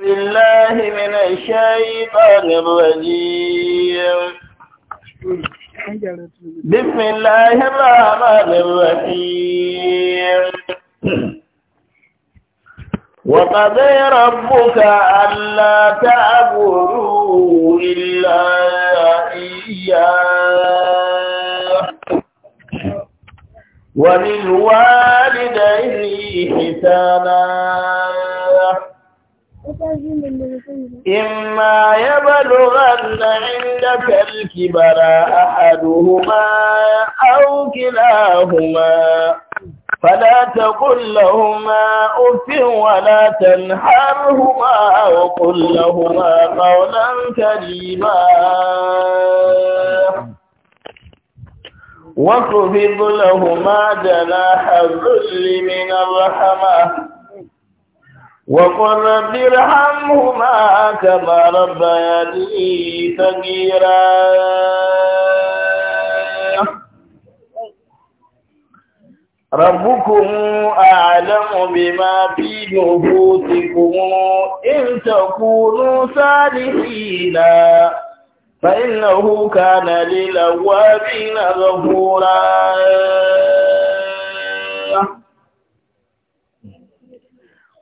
بالله من الشيطان الرجيم بسم الله الرحمن الرحيم وقضي ربك ألا تعبدوا إلا إياه وللوالدين حسانا إما يبلغن عندك الكبر أحدهما أو كلاهما فلا تقل لهما أف ولا تنحرهما وقل لهما قولا كريما واخفض لهما جناح الذل من الرحمه وقل رب ارحمهما كما ربياني صغيرا ربكم أعلم بما في نفوسكم إن تكونوا صالحين فإنه كان للأوابين غفورا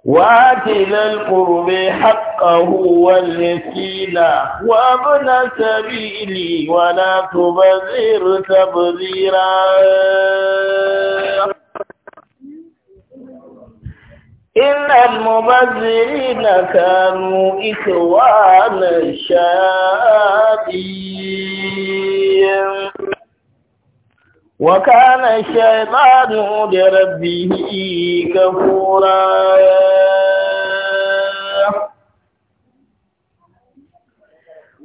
وآت ذا القرب حقه والمسكين وابن سبيلي ولا تبذر تبذيرا إن المبذرين كانوا إخوان الشياطين وكان الشيطان لربه كفورا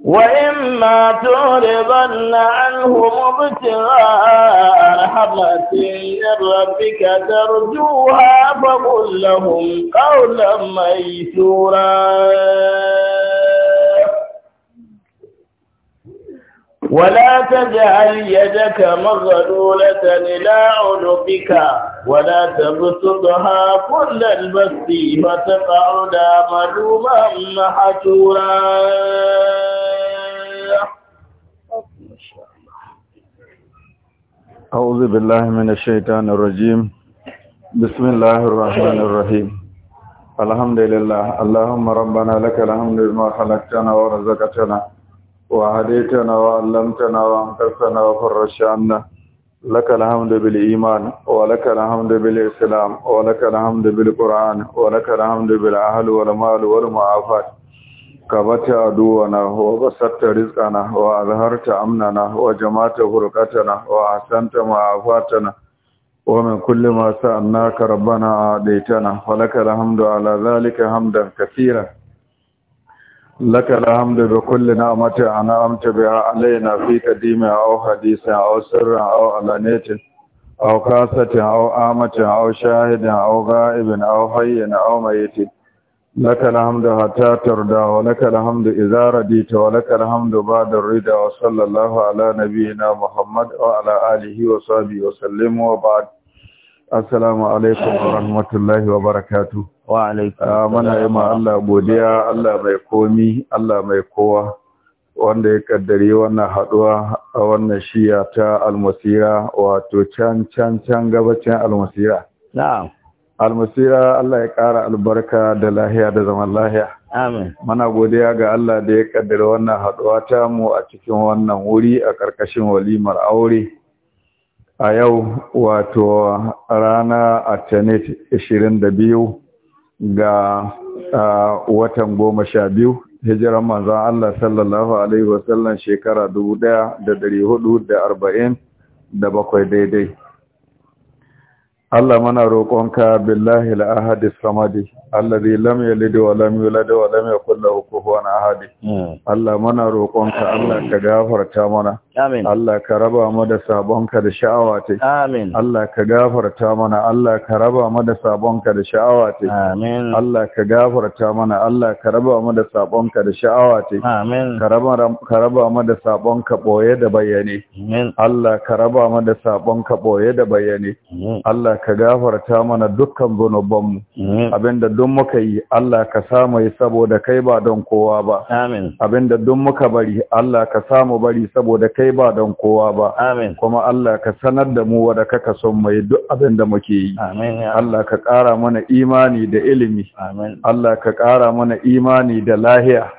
وإما تعرضن عنهم ابتغاء رحمة من ربك ترجوها فقل لهم قولا ميسورا ولا تجعل يدك مغلولة إلى عنقك ولا تبسطها كل البسط فتقعد ملوما محسورا أعوذ بالله من الشيطان الرجيم بسم الله الرحمن الرحيم الحمد لله اللهم ربنا لك الحمد لما خلقتنا ورزقتنا وهديتنا وعلمتنا وانقذتنا وفرشنا لك الحمد بالإيمان ولك الحمد بالإسلام ولك الحمد بالقرآن ولك الحمد بالأهل والمال والمعافات كبت عدونا وبسطت رزقنا وأظهرت أمننا وجمعت فرقتنا وأحسنت معافاتنا ومن كل ما سألناك ربنا عاديتنا ولك الحمد على ذلك حمدا كثيرا لك الحمد بكل نعمة أنعمت بها علينا في قديم أو حديث أو سر أو علانية أو خاصة أو آمة أو شاهد أو غائب أو حي أو ميت لك الحمد حتى ترضى ولك الحمد إذا رديت ولك الحمد بعد الرضا وصلى الله على نبينا محمد وعلى آله وصحبه وسلم وبعد Assalamu alaikum wa rahmatullahi wa barakatu. Wa alaikum. Ah, Mana yi Allah godiya, Allah mai komi, Allah mai kowa, wanda ya kaddari wannan haɗuwa a wannan shiya ta almasira wato can can can gabacin almasira. Na'am. Almasira Allah ya ƙara albarka da lahiya da zaman lahiya. Amin. Mana godiya ga Allah da ya kaddari wannan haɗuwa ta mu a cikin wannan wuri a ƙarƙashin walimar aure. a yau wato rana tenet 22 ga watan goma sha biyu hijiran manzan Allah sallallahu Alaihi wasallam shekara 1447 daidai Allah mana roƙonka billahi al ahadi samadi samad alladhi lam yalid wa lam yulad wa lam yakul lahu kufuwan ahad hmm. Allah mana roƙonka Allah ka gafarta mana amin Allah ka raba mu da sabonka da sha'awa ta amin Allah ka gafarta mana Allah ka raba mu da sabonka da sha'awa ta amin Allah ka gafarta mana Allah ka raba mu da sabonka da sha'awa ta amin ka raba mu da sabonka boye da bayani. amin Allah ka raba mu da sabonka boye da bayane Allah ka gafarta mana dukkan zunubanmu abinda duk muka yi Allah ka samu yi saboda kai ba don kowa ba amin abinda duk muka bari Allah ka samu bari saboda kai ba don kowa ba amin kuma Allah ka sanar da mu wanda kaka son mai duk abinda muke yi amin Allah ka ƙara mana imani da ilimi amin Allah ka ƙara mana imani da lahiya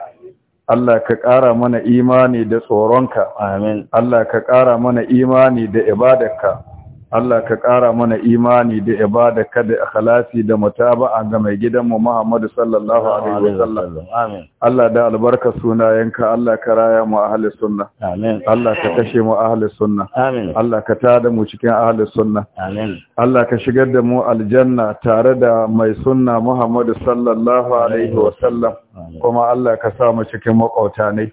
Allah ka ƙara mana imani da tsoronka. Amin. Allah ka ƙara mana imani da ibadarka. Allah ka ƙara mana imani da ibada kada ikhlasi da mutaba'a ga mai gidanmu Muhammadu sallallahu alaihi wasallam amin Allah da albarka sunayenka Allah ka raya mu ahli sunna amin Allah ka kashe mu ahli sunna amin Allah ka tada mu cikin ahli sunna amin Allah ka shigar da mu aljanna tare da mai sunna Muhammadu sallallahu alaihi wasallam kuma Allah ka sa mu cikin makauta ne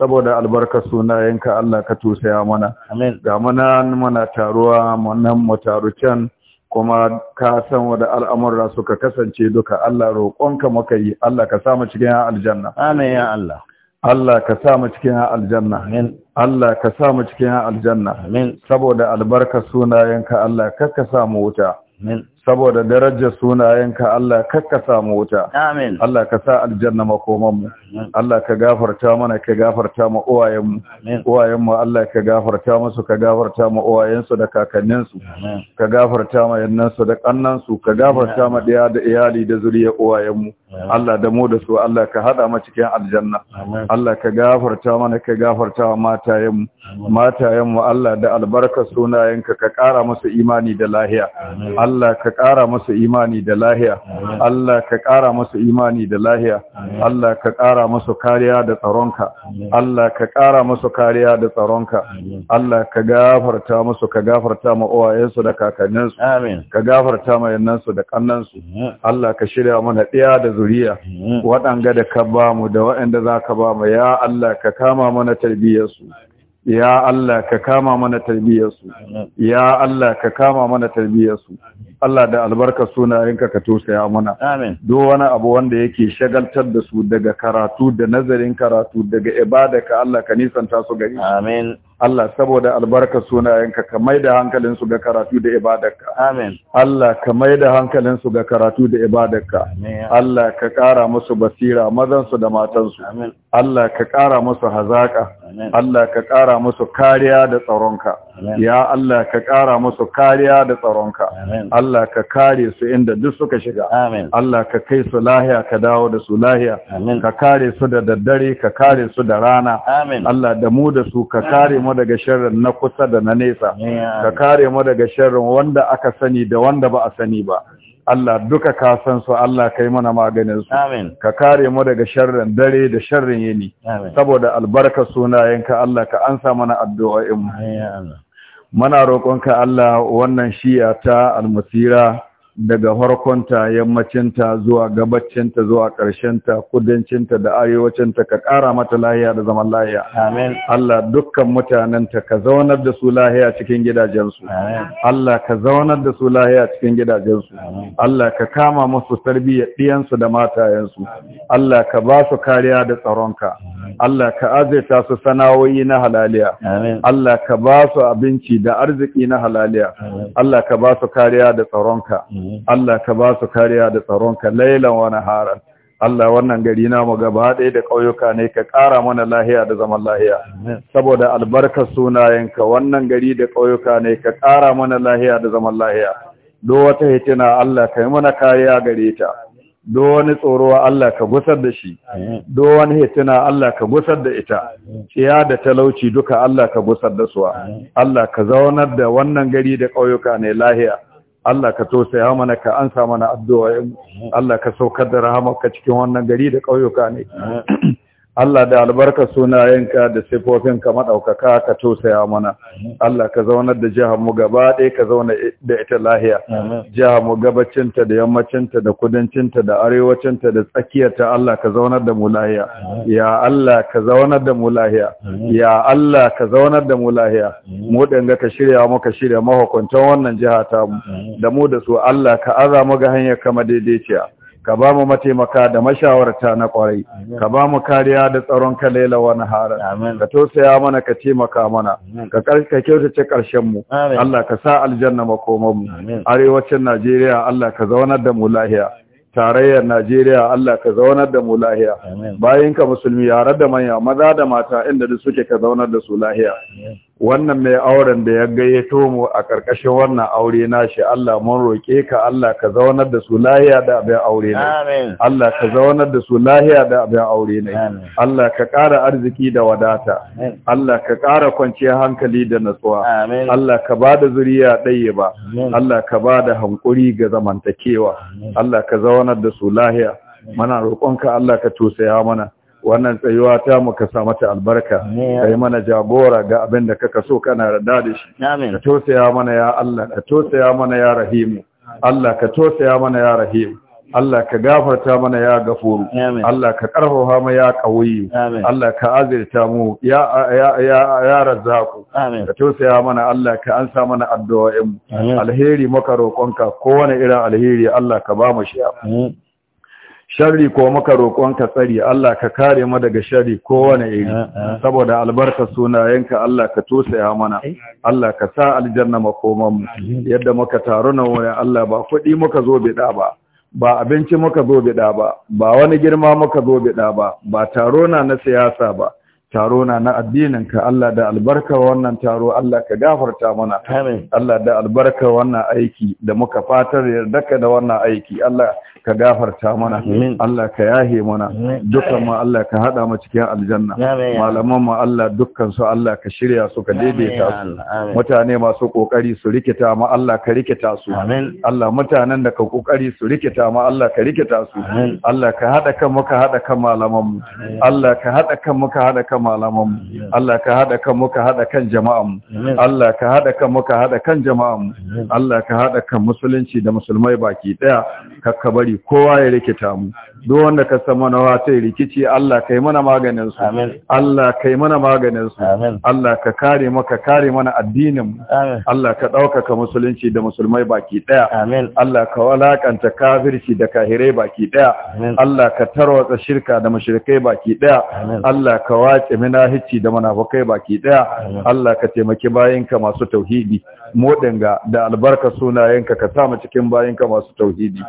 saboda albarka sunayenka Allah ka tusaya mana Amin. ga mana mana taruwa mana. nan mu can kuma ka san wada al'amurra suka kasance duka Allah roƙonka maka yi Allah ka sa mu cikin aljanna amin ya Allah Allah ka sa mu cikin aljanna amin Allah ka sa mu cikin aljanna amin saboda albarka sunayenka Allah ka ka samu wuta amin saboda darajar sunayenka Allah kakka samu wuta amin Allah ka sa aljanna makoman mu Allah ka gafarta mana ka gafarta ma uwayen mu uwayen mu Allah ka gafarta musu ka gafarta ma uwayen su da kakannin su ka gafarta ma yannan su da kannan su ka gafarta ma daya da iyali da zuriyar uwayen mu Allah da mu da su Allah ka hada mu cikin aljanna Allah ka gafarta mana ka gafarta ma matayen mu matayen mu Allah da albarkar sunayenka ka kara musu imani da lahiya Allah ka ƙara masa imani da lahiya Allah ka ƙara masa imani da lahiya Allah ka ƙara masa kariya da tsaronka Allah ka ƙara masa kariya da tsaronka Allah ka gafarta masa ka gafarta ma uwayensu da kakanninsu ka gafarta ma yannansu da kannansu Allah ka shirya mana ɗaya da zuriya waɗanga da ka ba mu da waɗanda za ka ba mu ya Allah ka kama mana tarbiyyarsu ya Allah ka kama mana tarbiyyarsu ya Allah ka kama mana tarbiyyarsu Allah da albarka sunayenka ka tosaya mana amin duk wani abu wanda yake shagaltar da su daga karatu da nazarin karatu daga ibada ka Allah ka nisanta su gari amin Allah saboda albarka sunayenka ka mai da hankalinsu ga karatu da ibadarka. Amin. Allah ka mai da hankalinsu ga karatu da ibadarka. Allah ka ƙara musu basira mazansu da matansu. Amin. Allah ka ƙara musu hazaƙa. Allah ka ƙara musu kariya da tsaronka. ya Allah ka ƙara musu kariya da tsaronka Allah ka kare su inda duk suka shiga Allah ka kai su lahiya ka dawo da su lahiya ka kare su da daddare ka kare su da rana Allah da mu da su ka kare mu daga sharrin na kusa da na nesa ka kare mu daga sharrin wanda aka sani da wanda ba a sani ba Allah duka ka san su Allah kai mana maganin su ka kare mu daga sharrin dare da sharrin yini saboda albarka sunayenka Allah ka ansa mana addu'o'in mu muna roƙonka Allah wannan shi ta almasira daga harkonta yammacinta zuwa gabacinta zuwa ƙarshenta kudancinta da arewacinta ka ƙara mata lahiya da zaman lahiya amin Allah dukkan mutanenta ka zaunar da su lahiya cikin gidajensu amin Allah ka zaunar da su lahiya cikin gidajensu amin Allah ka kama musu tarbiyya ɗiyansu da matayensu amin Allah ka ba su kariya da tsaronka Allah ka azaita su sana'o'i na halaliya amin Allah ka ba su abinci da arziki na halaliya Allah ka ba su kariya da tsaronka Allah ka ba su kariya da tsaron ka lailan wani naharan Allah wannan gari namu gaba ɗaya da ƙauyuka ne ka ƙara mana lahiya da zaman lahiya saboda albarkar sunayenka wannan gari da ƙauyuka ne ka ƙara mana lahiya da zaman lahiya do wata hitina Allah ka yi mana kariya gare ta do wani tsoro Allah ka gusar da shi do wani hitina Allah ka gusar da ita Tsiya da talauci duka Allah ka gusar da su Allah ka zaunar da wannan gari da ƙauyuka ne lahiya Allah ka sai mana ka ansa mana addu'a Allah ka saukar da rahamarka cikin wannan gari da ƙauyuka ne Allah da albarka sunayenka da sifofinka maɗaukaka ka tosaya mana. Allah ka zaunar da jihar mu gaba ɗaya ka zauna da ita lahiya. Jihar mu gabacinta da yammacinta da kudancinta da arewacinta da tsakiyarta Allah ka zaunar da mu lahiya. Ya Allah ka zaunar da mu lahiya. Ya Allah ka zaunar da mu lahiya. Mu ɗanga ka shirya mu ka shirya mahukuntan wannan jiha ta mu. Da mu da su Allah ka aza mu ga hanyar kama daidaiciya. ka ba mu mataimaka da mashawarta na kwarai ka ba mu kariya da tsaron ka laila wa nahara ka tausaya mana ka taimaka mana ka ka kyautace karshen mu Allah ka sa aljanna makoman mu arewacin Najeriya Allah ka zaunar da mu lahiya tarayyar Najeriya Allah ka zaunar da mu lahiya Bayinka musulmi yare da manya maza da mata inda duk suke ka zaunar da su lahiya wannan mai auren da ya gayyato mu a ƙarƙashin wannan aure na shi Allah mun roƙe ka Allah ka zaunar da su lahiya da abin aure ne Allah ka zaunar da su lahiya da abin aure ne Allah ka ƙara arziki da wadata Allah ka ƙara kwanciyar hankali da natsuwa Allah ka ba da zuriya ɗaya ba Allah ka ba da hankuri ga zamantakewa Allah ka zaunar da su lahiya mana roƙonka Allah ka tosaya mana wannan tsayuwa ta muka sa mata albarka kai mana jagora ga abin da kaka so kana rada da shi ka tosaya mana ya Allah ka tosaya mana ya Rahim Allah ka tosaya mana ya Rahim Allah ka gafarta mana ya gafuru Allah ka karfafa mu ya kawai Allah ka azirta mu ya ya ya, ya razzaku ka tosaya mana Allah ka ansa mana addu'o'in alheri maka roƙonka kowane irin alheri Allah ka ba mu shi sharri ko maka roƙon ka tsari Allah ka kare mu daga sharri kowane iri eh, eh. saboda albarka sunayenka Allah ka tosaya mana eh. Allah ka sa aljanna makoman mu yadda muka taru na wurin Allah ba kuɗi muka zo bida ba ba abinci muka zo bida ba ba wani girma muka zo bida ba ba taro na na siyasa ba taro na na addinin ka Allah da albarka wannan taro Allah ka gafarta mana amin Allah da albarka wannan aiki da muka fatar yarda ka da wannan aiki Allah ka gafarta mana Allah ka yahe mana dukkan ma Allah ka hada mu cikin aljanna malaman mu Allah dukkan su Allah ka shirya su ka daidaita su mutane masu kokari su rikita ma Allah ka rikita su Allah mutanen da ka kokari su rikita ma Allah ka rikita su Allah ka hada kan muka ka hada kan malaman mu Allah ka hada kan muka ka hada kan malaman mu Allah ka hada kan muka ka hada kan jama'an mu Allah ka hada kan muka ka hada kan jama'an mu Allah ka hada kan musulunci da musulmai baki daya ka bari kowa ya rikita mu duk wanda ka san mana wata rikici Allah kai mana maganin su Allah kai mana maganin su Allah ka kare maka kare mana addinin mu Allah ka ɗaukaka musulunci da musulmai baki ɗaya. Allah ka walakanta kafirci da kahirai baki ɗaya. Allah ka tarwatsa shirka da mushrikai baki ɗaya. Allah ka wace minahici da munafukai baki ɗaya. Allah ka taimaki bayinka masu tauhidi moɗinga da albarka sunayenka ka sa mu cikin bayinka masu tauhidi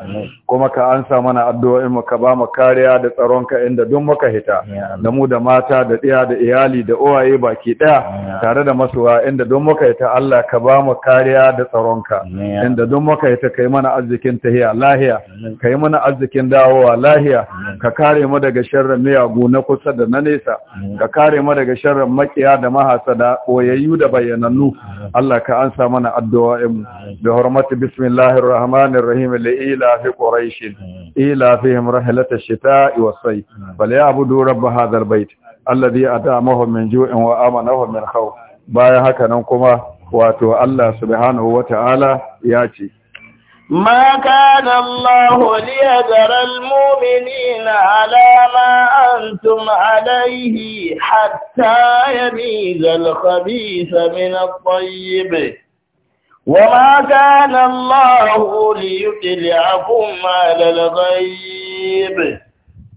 kuma ka ka ansa mana addu'o'in mu ka ba mu kariya da tsaronka. ka inda duk muka hita da mu da mata da ɗiya da iyali da uwaye baki ɗaya tare da masuwa inda duk muka hita Allah ka ba mu kariya da tsaronka. ka inda duk muka hita kai mana arzikin tahiya lahiya yi mana arzikin dawowa lahiya ka kare mu daga sharrin miyagu na kusa da na nesa ka kare mu daga sharrin makiya da mahasada koyayyu da bayyanannu Allah ka ansa mana addu'o'in mu bi hurmati bismillahir rahmanir rahim li ila fi quraish E, ila fihim rahlata shita'i wasayf falyabudu rabb hadha albayt alladhi atamahu min ju'in wa amanahu min khawf baya haka nan kuma wato Allah subhanahu ta'ala, ya ce ma kana Allah li yadhar almu'minina ala ma antum alayhi hatta yamiza alkhabitha min at وما كان الله ليطلعكم على الغيب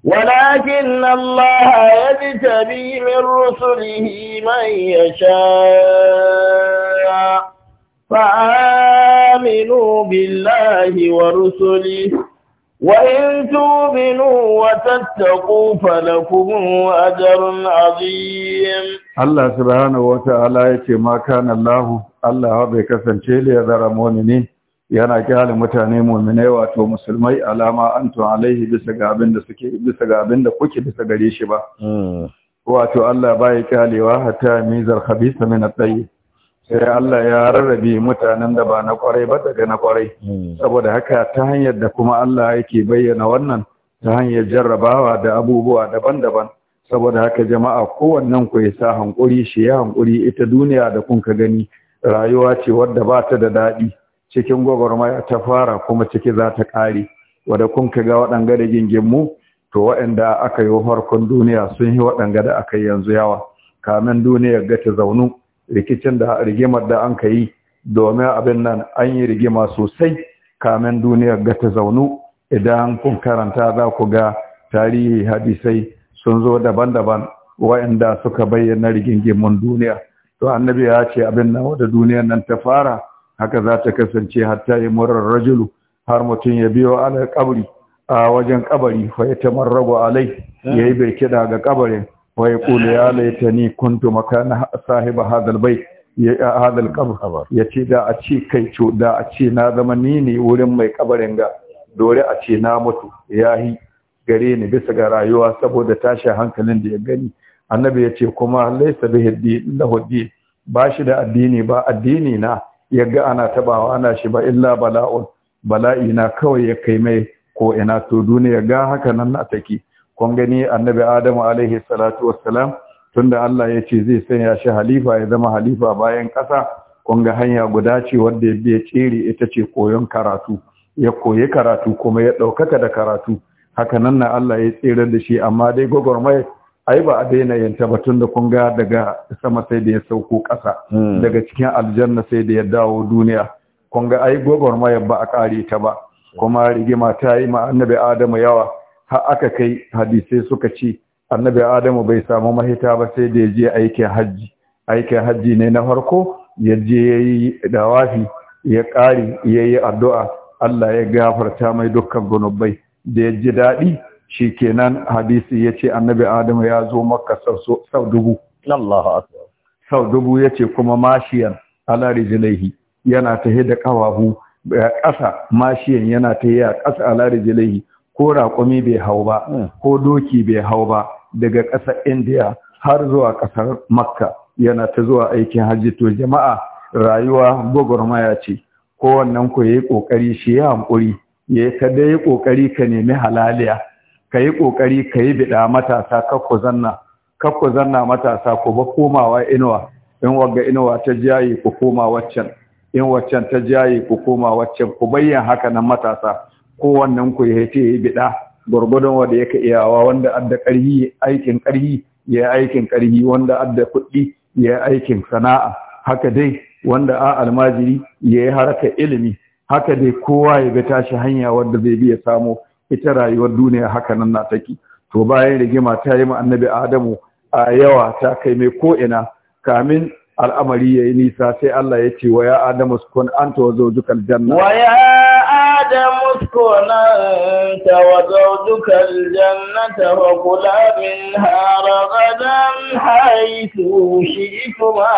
ولكن الله يجتبي من رسله من يشاء فآمنوا بالله ورسله وإن تؤمنوا وتتقوا فلكم أجر عظيم الله سبحانه وتعالى يتي ما كان الله الله بك سنشيل يذر مؤمنين yana kyale mutane mu'minai wato musulmai alama antu alaihi bisa ga abin da suke bisa ga kuke bisa gare shi ba hmm. wato Allah baya kyalewa hatta mizar khabisa min at-tayyib sai Allah ya rarrabe mutanen da ba na kwarai ba daga na kwarai hmm. saboda haka ta hanyar da kuma Allah yake bayyana wannan ta hanyar jarrabawa da abubuwa daban-daban saboda haka jama'a kowannen ku sa hankuri shi ya hankuri ita duniya da kun ka gani rayuwa ce wadda ba ta da daɗi cikin gwagwarmaya ta fara kuma ciki za ta ƙare wadda kun ka ga waɗanga da ginginmu to waɗanda aka yi farkon duniya sun yi waɗanga da aka yanzu yawa kamin duniyar ga ta zaunu rikicin da rigimar da an ka yi domin abin nan an yi rigima sosai kamin duniyar ga ta zaunu idan kun karanta za ku ga tarihi hadisai sun zo daban-daban wa'inda suka bayyana rigingimun duniya to annabi ya ce abin nan wadda duniyar nan ta fara haka za ta kasance hatta yi murar rajulu har mutum ya biyo ala kabri a wajen kabari fa ya tamarrago alai yayi bai kida ga kabarin wa ya laitani kuntu makana sahiba hadal bait ya hadal qabr yace da a ce kai co da a ce na zama ni ne wurin mai kabarin ga a ce na mutu yahi gare ni bisa ga rayuwa saboda tashin hankalin da ya gani annabi ya ce kuma laysa bihi lahu din ba shi da addini ba addini na Ya ga ana tabawa ana shi ba illa bala'un bala'i na kawai ya kai mai ko'ina. ina to duniya ga haka nan na take kun gani annabi adamu alaihi salatu wassalam tunda Allah ya ce zai sanya shi halifa ya zama halifa bayan ƙasa kun ga hanya guda ce wanda ya biya tsere ita ce koyon karatu ya koyi karatu kuma ya ɗaukaka da karatu haka nan na Allah ya tsere da shi amma dai gwagwarmai ai ba a daina yanta ba tunda da kun ga daga sama sai da ya sauko ƙasa hmm. daga cikin aljanna sai da ya dawo duniya kun ga ai gwagwarmai ba a ƙare ta ba kuma rigima ta yi ma annabi Adamu yawa aka kai hadisai suka ce annabi adamu bai samu mahita ba sai da ya je aikin hajji aikin hajji ne na farko ya je ya yi dawafi ya ƙari ya yi addu'a Allah ya gafarta mai dukkan gunubai da ya ji daɗi shi kenan hadisi ya ce annabi adamu ya zo maka sau dubu sau dubu ya ce kuma mashiyan ala rijilaihi yana tahe da ƙawahu ƙasa mashiyan yana tahe a ƙasa ala rijilaihi ko raƙumi bai hau ba hmm. ko doki bai hau ba daga ƙasar indiya har zuwa ƙasar makka yana ta zuwa aikin hajji to jama'a rayuwa gwagwarmaya ce wannan ku ya yi ƙoƙari shi ya hankuri ya ka da yi ƙoƙari ka nemi halaliya ka yi ƙoƙari ka yi biɗa matasa kakku zanna kakku zanna matasa ku ba komawa inuwa in wagga inuwa ta jaye ku koma waccan in waccan ta jaye ku koma waccan ku bayyana haka nan matasa kowannan ku ya ce ya bida gwargwadon wanda yake iyawa wanda adda ƙarhi aikin ƙarhi ya aikin ƙarhi wanda adda kuɗi ya aikin sana'a haka dai wanda a almajiri ya yi haraka ilimi haka dai kowa ya bi tashi hanya wanda zai bi ya samu ita rayuwar duniya haka nan na take to bayan rigima ta yi ma annabi adamu a yawa ta kai mai ko'ina, kamin al'amari ya yi nisa sai Allah ya ce wa ya adamu sukun anta wa zawjuka wa آدم اسكن أنت وزوجك الجنة وكلا منها رغدا حيث شئتما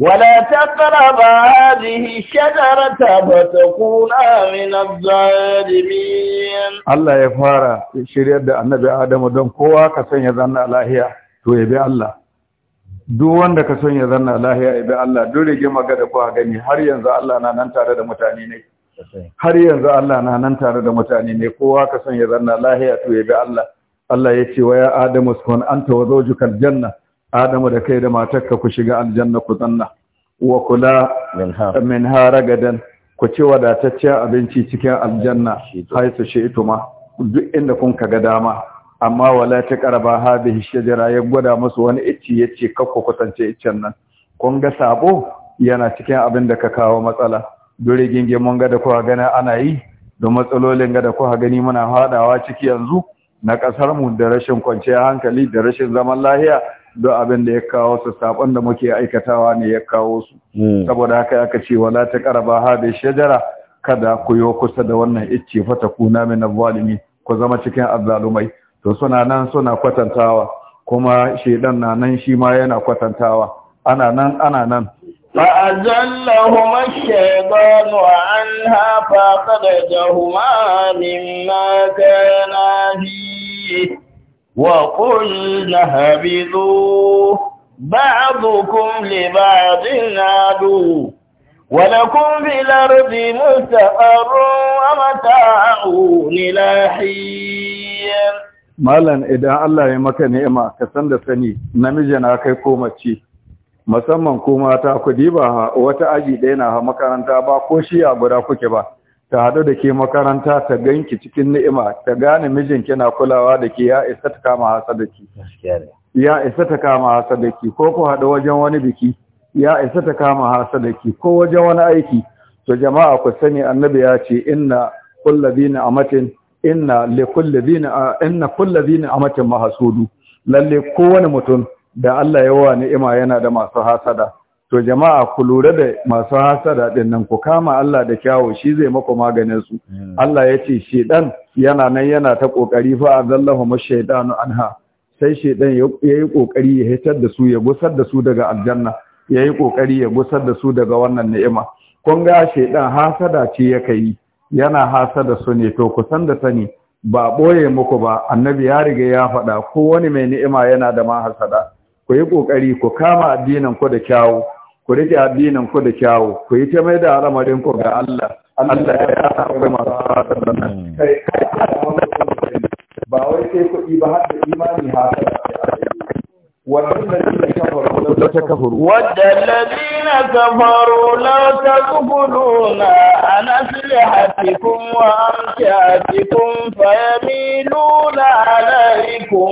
ولا تقرب هذه الشجرة فتكونا من الظالمين الله يفارا شريعة النبي آدم دون قوة كسن يظن الله to yabi Allah duk wanda ka son ya zanna lahiya ibi Allah Dole, rige da kuwa gani har yanzu Allah na nan tare da mutane ne har yanzu Allah na nan tare da mutane ne kowa ka son ya zanna lahiya to ibi, Allah Allah ya ce wa ya Adamu an anta wa zawjuka aljanna Adamu da kai da matarka ku shiga aljanna ku zanna wa kula min haragadan ku ci wadataccen abinci cikin aljanna haisu shi ituma duk inda kun ka ga dama amma wala ta karaba hadhihi shajara ya gwada musu wani icci yace kakko kwatance iccen nan kun ga sabo yana cikin abin da ka kawo matsala dure ginge mun ga da kowa gana ana yi da matsalolin ga da kowa gani muna hadawa ciki yanzu na kasar mu da rashin kwanciyar hankali da rashin zaman lahiya don abin da ya kawo su sabon da muke aikatawa ne ya kawo su hmm. saboda haka aka ce wala ta karaba hadhihi shajara kada ku yo kusa da wannan icce fata kuna min zalimi ku zama cikin azzalumai to suna nan suna kwatantawa, kuma shaidan nanan shi ma yana kwatantawa. Ana nan, ana nan. A'a, zallar ku mashe ganu a an haifar da jahumarin maka na ziye. Waƙuli na haɓizo ba duk libatin addu, wani ƙungiyar da na taɓa malam idan Allah ya maka ni'ima ka san da sani namiji na kai ko mace musamman ko mata ku diba wata aji ɗaya na makaranta ba ko shi ya guda kuke ba ta hadu da ke makaranta ta ganki cikin ni'ima ta gane mijin kina kulawa da ke ya isa ta kama hasa da ki ya isa ta kama hasa da ki ko ku haɗu wajen wani biki ya isa ta kama hasa da ki ko wajen wani aiki to jama'a ku sani annabi ya ce inna kullabina a amatin inna kulla kulli a amatin mahasudu lalle kowane mutum da Allah ya yawa ni'ima yana da masu hasada to jama'a ku lura da masu hasada din nan ku kama Allah da kyawu shi zai maku maganin su hmm. Allah ya ce shedan yana nan yana ta kokari fa azallahu mashaitanu anha sai shedan yayi kokari ya hitar da su ya gusar da su daga aljanna yayi kokari ya gusar da su daga wannan ni'ima kun ga shedan hasada ce yake yi yana hasada su ne to kusan da sani ba boye muku ba annabi ya riga ya faɗa ko wani mai ni'ima yana da ma hasada ku yi kokari ku kama addinin ku da kyawu ku rike addinin ku da kyawu ku yi ta mai da al'amarin ku ga Allah Allah ya sa ku masu hasada nan hmm. kai kai ba wai sai kuɗi ba har da imani hasada ود الذين كفروا لو تقبلون عن أسلحتكم وأمتعتكم فيميلون عليكم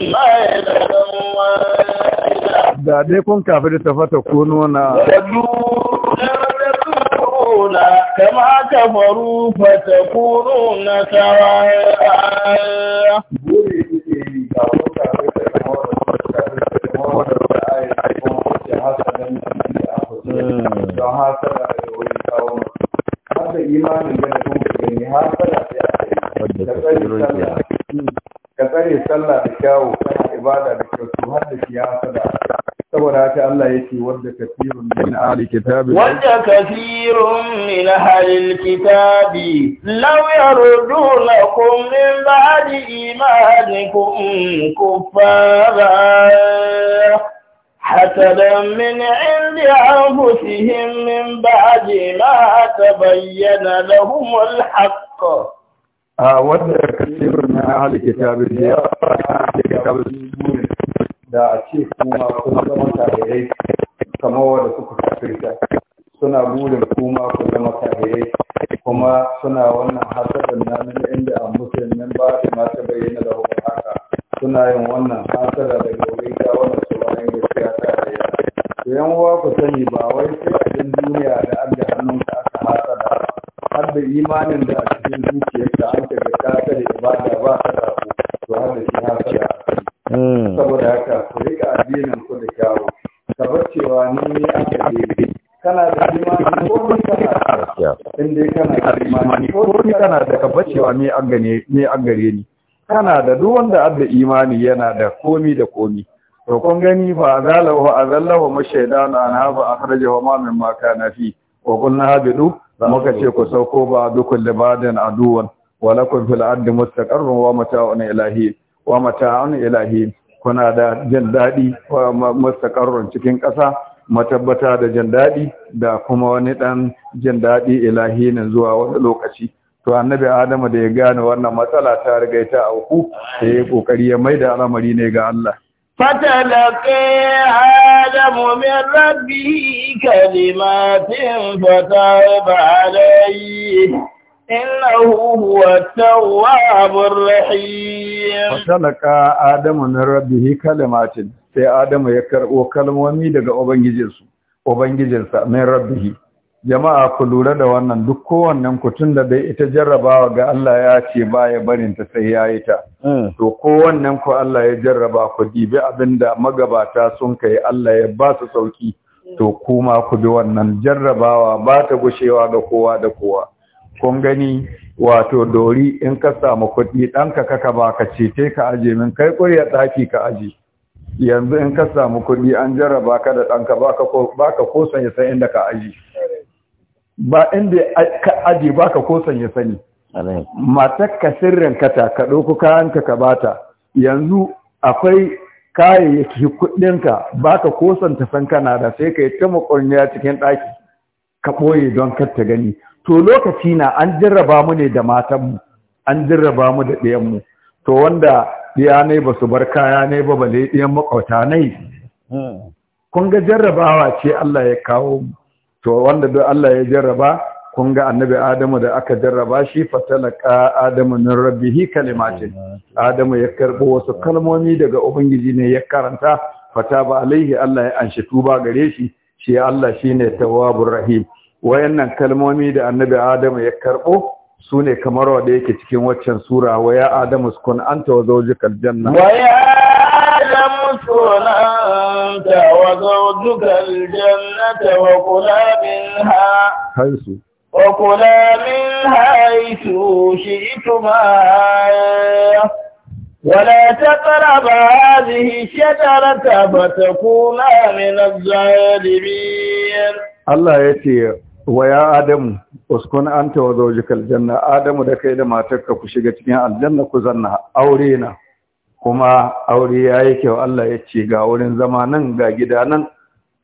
ميلا واحدا da dai kun kafir ta fata kuno na kama kafaru fata kuno na tawaye ka tsare sallah da kyawu kana ibada da kyautu har da siyasa da saboda haka Allah yake wadda kafirun min ahli kitabi wadda kafirun min ahli kitabi law yardunakum min ba'di imanikum kuffara حسدا من عند أنفسهم من بعد ما تبين لهم الحق wadda kasirin na ahli kitabi ya ahli kitabi su ne da a ce kuma kun zama tarihai kamar wanda suka kafirta suna burin kuma kun zama tarihai kuma suna wannan hasadan nan inda a musulmin ba su ma bayyana da haka suna yin wannan hasara da gobe ta wanda su bayan gaskiya ta rayuwa to yan uwa ku sani ba wai sai duniya da an da hannunka aka hasada har da imanin da a cikin zuciyarka an ta ga da ibada ba ka da to har da shi hasada hmm. saboda addinin ku da kyawu ka bar cewa ni aka yi kana da imani ko ni kana da in dai kana da imani ko ni kana da ka bar cewa ni an gane ni an gare ni kana da duk wanda adda imani yana da komi da komi to kun gani fa azalahu azallahu mashaydana an hafa akhrajahu ma min ma kana fi wa qulna habidu muka ce ku sauko ba dukul libadin aduwan wa lakum fil ardi mustaqarrun wa mata'un ilahi wa mata'un ilahi kuna da jin daɗi mastaƙarron cikin ƙasa matabbata da jin daɗi da kuma wani ɗan jin daɗi ilahinin zuwa wani lokaci to annabi adamu da ya gane wannan matsala ta riga ta auku ya yi ƙoƙari ya mai da al'amari ne ga Allah فتلقي آدم من ربه كلمات فتاب عليه إنه هو التواب الرحيم فتلقى آدم من ربه كلمات sai Adamu ya karɓo kalmomi daga Ubangijinsu, Ubangijinsa mai rabbihi. Jama'a ku lura da wannan duk ku tun da dai ita jarrabawa ga Allah ya ce baya barinta sai ya yi ta. To kowannen ku Allah ya jarraba ku dibi abin da magabata sun kai Allah ya basu su sauki. To kuma ku bi wannan jarrabawa ba ta gushewa ga kowa da kowa. kun gani wato dori in ka samu kuɗi ɗanka kaka ba ka cete ka aje min kai ƙuryar ɗaki ka aje yanzu in ka samu kuɗi an jarraba ka da ɗanka ba ka kosan ya san inda ka aje ba inda ka aje ba ka kosan ya sani matar ka sirrin kata ka ɗauko kayan ka bata yanzu akwai kayayyaki kuɗinka ba ka ko san kana da sai ka yi ta maƙwarniya cikin ɗaki ka ɓoye don kar ta gani to lokaci na an jarraba mu ne da matanmu an jarraba mu da ɗayanmu to wanda ɗaya ne ba su bar kaya ne ba bale ɗiyan makwauta ne hmm. kun ga jarrabawa ce Allah ya kawo mu to wanda duk Allah ya jarraba kun ga annabi Adamu da aka jarraba shi fatalaka Adamu min rabbihi kalimatin hmm. Adamu ya karbo wasu kalmomi daga ubangiji ne ya karanta Fata fataba alaihi Allah ya anshi tuba gare shi shi Allah shine tawwabur rahim wayannan kalmomi da annabi adamu ya karbo su ne kamar wanda yake cikin waccan sura wa ya adamu sukun anta wa zawjukal janna wa ya adamu sukun anta wa zawjukal jannata wa kula minha haisu wa kula min haisu shi'tuma ولا تقرب هذه الشجرة فتكونا من الظالمين الله يتيه wa ya adamu uskun anta wa zawjikal janna adamu da kai da matarka ku shiga cikin aljanna ku zanna aure na kuma aure ya yayi kyau Allah ya ce ga wurin zama nan ga gida nan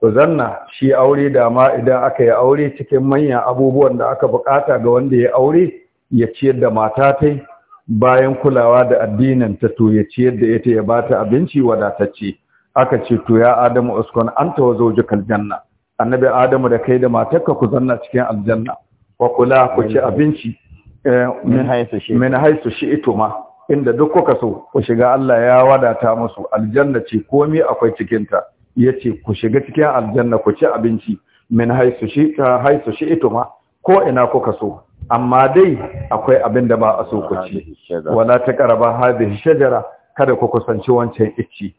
ku zanna shi aure da ma idan aka yi aure cikin manyan abubuwan da aka bukata ga wanda ya aure ya ciyar da mata tai bayan kulawa da addinin ta to ya ciyar da ita ya bata abinci wadatacce aka ce to ya adamu uskun anta wa zawjikal janna annabi adamu da kai da matarka ku zanna cikin aljanna wa kula ku ci abinci eh, min haisu shi ito ma inda duk kuka so ku shiga Allah ya wadata musu aljanna ce komai akwai cikinta yace ku shiga cikin aljanna ku ci abinci min haisu shi ta eh, ito ma ko ina kuka so amma dai akwai abinda da ba a so ku ci wala ta karaba hadin shajara kada ku kusanci wancan icci